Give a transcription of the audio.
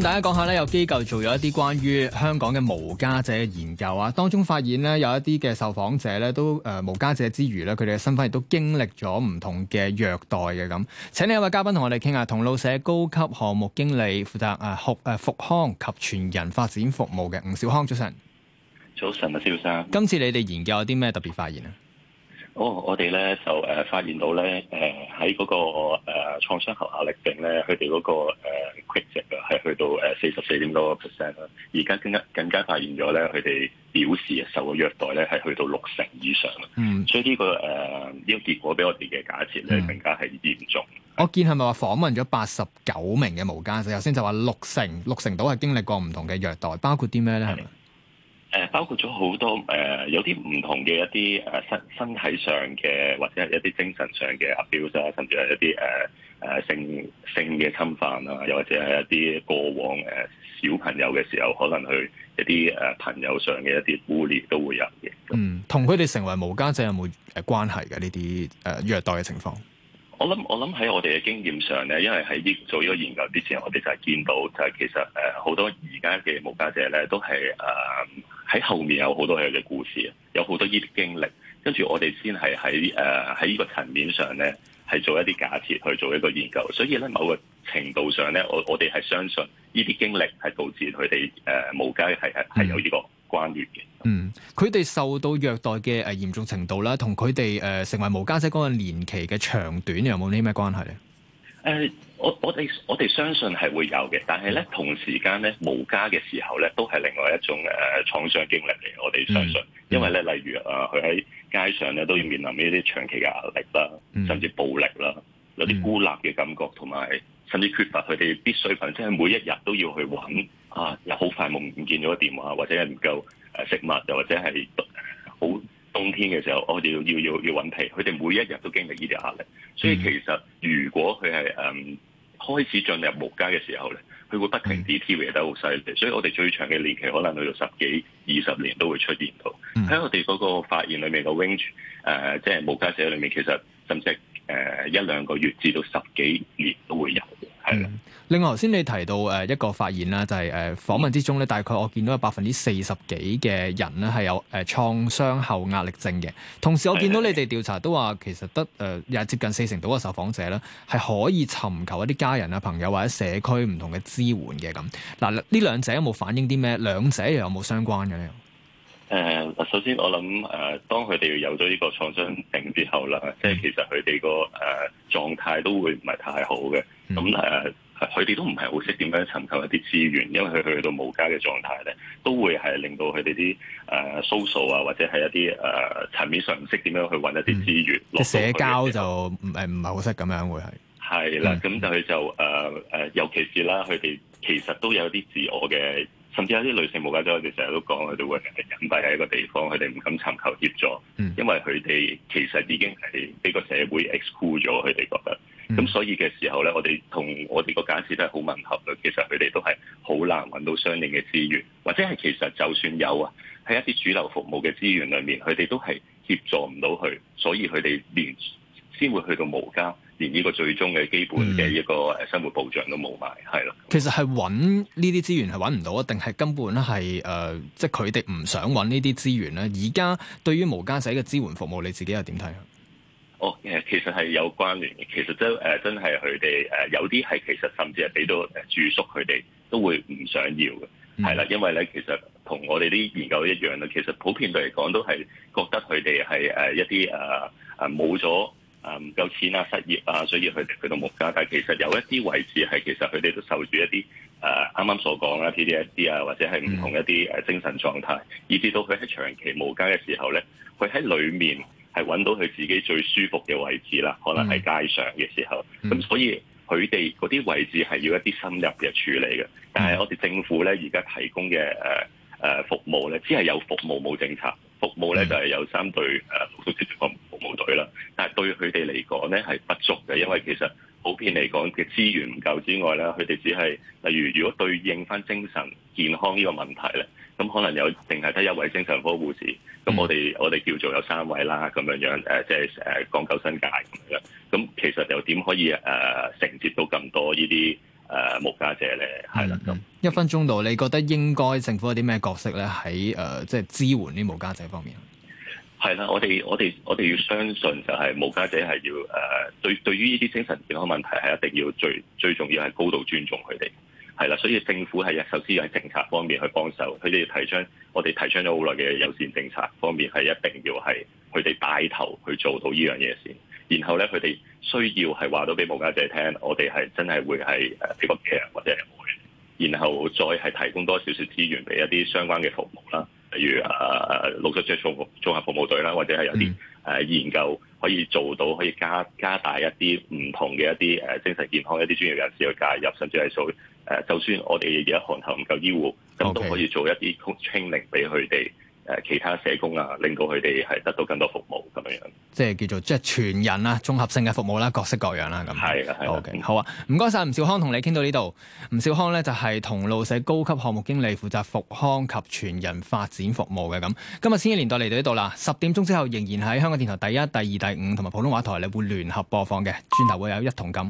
大家講下咧，有機構做咗一啲關於香港嘅無家者嘅研究啊。當中發現咧，有一啲嘅受訪者咧都誒、呃、無家者之餘咧，佢哋嘅身份亦都經歷咗唔同嘅虐待嘅。咁請呢一位嘉賓同我哋傾下，同路舍高級項目經理負責誒學誒復康及全人發展服務嘅吳兆康，早晨。早晨啊，先生。今次你哋研究有啲咩特別發現啊？我我哋咧就誒、呃、發現到咧誒喺嗰個誒、呃、創傷後壓力症咧，佢哋嗰個誒 quickness 啊，係、呃、去到誒四十四點多 percent 啦。而家更加更加發現咗咧，佢哋表示受虐待咧係去到六成以上，嗯，所以呢、呢個誒呢、呃呢個結果比我哋嘅假設咧、嗯、更加係嚴重。我見係咪話訪問咗八十九名嘅無家者，頭先就話六成六成度係經歷過唔同嘅虐待，包括啲咩咧？係咪？誒包括咗好多誒、呃，有啲唔同嘅一啲誒身身體上嘅，或者係一啲精神上嘅 abuse 啊，甚至係一啲誒誒性性嘅侵犯啊，又或者係一啲過往誒、呃、小朋友嘅時候可能佢一啲誒、呃、朋友上嘅一啲污蔑都會有嘅。嗯，同佢哋成為無家者有冇誒、呃、關係嘅呢啲誒虐待嘅情況？我諗我諗喺我哋嘅經驗上咧，因為喺做呢個研究之前，我哋就係見到就係其實誒好、呃、多而家嘅無家者咧都係誒。呃喺後面有好多佢嘅故事，有好多呢啲經歷，跟住我哋先係喺誒喺呢個層面上咧，係做一啲假設去做一個研究，所以咧某個程度上咧，我我哋係相信呢啲經歷係導致佢哋誒無家係係係有呢個關聯嘅。嗯，佢哋受到虐待嘅誒嚴重程度啦，同佢哋誒成為無家者嗰個年期嘅長短有冇啲咩關係咧？誒、uh，我我哋我哋相信係會有嘅，但係咧同時間咧冇家嘅時候咧，都係另外一種誒、uh, 創傷經歷嚟。我哋相信，mm hmm. 因為咧例如啊，佢、uh, 喺街上咧都要面臨呢啲長期嘅壓力啦，mm hmm. 甚至暴力啦，mm hmm. 有啲孤立嘅感覺，同埋甚至缺乏佢哋必需品，即係每一日都要去揾啊，又好快夢唔見咗個電話，或者係唔夠誒食物，又或者係好。冬天嘅時候，我哋要要要揾皮，佢哋每一日都經歷呢啲壓力，所以其實如果佢係誒開始進入無家嘅時候咧，佢會不停啲 T V E 都好犀利嘅，所以我哋最長嘅年期可能去到十幾二十年都會出現到喺我哋嗰個發現裏面嘅 range、呃、即係無家者裏面其實甚至誒、呃、一兩個月至到十幾年都會有。嗯，另外頭先你提到誒一個發現啦，就係、是、誒、呃、訪問之中咧，大概我見到有百分之四十幾嘅人咧係有誒、呃、創傷後壓力症嘅。同時我見到你哋調查都話，其實得誒、呃、又係接近四成到嘅受訪者咧，係可以尋求一啲家人啊、朋友或者社區唔同嘅支援嘅咁。嗱，呢、啊、兩者有冇反映啲咩？兩者又有冇相關嘅咧？誒、uh, 首先我諗誒，uh, 當佢哋有咗呢個創傷症之後啦，即、就、係、是、其實佢哋個誒狀態都會唔係太好嘅。咁誒，佢哋都唔係好識點樣尋求一啲資源，因為佢去到冇家嘅狀態咧，都會係令到佢哋啲誒搜索啊，或者係一啲誒、uh, 嗯 uh, 層面上唔識點樣去揾一啲資源。嗯、資源社交就誒唔係好識咁樣，會係係啦。咁就佢就誒誒，尤其是啦，佢哋其實都有啲自我嘅。甚至有啲女性無家者，我哋成日都講佢哋會隱蔽喺一個地方，佢哋唔敢尋求協助，mm. 因為佢哋其實已經係呢個社會 exclude 咗，佢哋覺得。咁所以嘅時候咧，我哋同我哋個假設都係好吻合嘅。其實佢哋都係好難搵到相應嘅資源，或者係其實就算有啊，喺一啲主流服務嘅資源裏面，佢哋都係協助唔到佢，所以佢哋先會去到無家。連呢個最終嘅基本嘅一個誒生活保障都冇埋，係咯。其實係揾呢啲資源係揾唔到啊，定係根本咧係誒，即係佢哋唔想揾呢啲資源咧。而家對於無家者嘅支援服務，你自己又點睇啊？哦，其實係有關聯嘅。其實都、就、誒、是呃，真係佢哋誒，有啲係其實甚至係俾到住宿佢哋都會唔想要嘅，係啦、嗯。因為咧，其實同我哋啲研究一樣啦。其實普遍對嚟講，都係覺得佢哋係誒一啲誒誒冇咗。呃呃唔夠錢啊，失業啊，所以佢哋去到無家。但係其實有一啲位置係其實佢哋都受住一啲誒啱啱所講啦 PTSD 啊，或者係唔同一啲誒精神狀態，mm. 以至到佢喺長期無家嘅時候咧，佢喺裏面係揾到佢自己最舒服嘅位置啦，可能係街上嘅時候。咁、mm. 所以佢哋嗰啲位置係要一啲深入嘅處理嘅。但係我哋政府咧而家提供嘅誒誒服務咧，只係有服務冇政策。服務咧就係、是、有三隊誒特殊治療服務隊啦，但係對佢哋嚟講咧係不足嘅，因為其實普遍嚟講嘅資源唔夠之外咧，佢哋只係例如如果對應返精神健康呢個問題咧，咁可能有淨係得一位精神科護士，咁我哋、嗯、我哋叫做有三位啦咁樣樣誒，即係誒港九新界咁樣，咁其實又點可以誒、呃、承接到咁多呢啲？誒，無、啊、家者咧，係啦咁，一分鐘度，你覺得應該政府有啲咩角色咧？喺誒、呃，即係支援啲無家者方面，係啦，我哋我哋我哋要相信就係無家者係要誒、呃，對對於呢啲精神健康問題係一定要最最重要係高度尊重佢哋，係啦，所以政府係首先要喺政策方面去幫手，佢哋要提倡，我哋提倡咗好耐嘅友善政策方面係一定要係佢哋帶頭去做到呢樣嘢先。然後咧，佢哋需要係話到俾無家者聽，我哋係真係會喺誒提供嘅或者會，然後再係提供多少少資源俾一啲相關嘅服務啦，例如老誒陸續做綜合服務隊啦，或者係有啲誒、啊、研究可以做到可以加加大一啲唔同嘅一啲誒、啊、精神健康一啲專業人士嘅介入，甚至係做誒，就算我哋而家行頭唔夠醫護，咁 Okay. 都可以做一啲 training 俾佢哋。誒其他社工啊，令到佢哋係得到更多服務，咁樣樣，即係叫做即係全人啦，綜合性嘅服務啦，各式各樣啦咁。係啦，係 OK，好啊，唔該晒。吳兆康，同你傾到呢度。吳兆康呢就係、是、同路舍高級項目經理，負責復康及全人發展服務嘅咁。今日千禧年代嚟到呢度啦，十點鐘之後仍然喺香港電台第一、第二、第五同埋普通話台你會聯合播放嘅，轉頭會有一同感。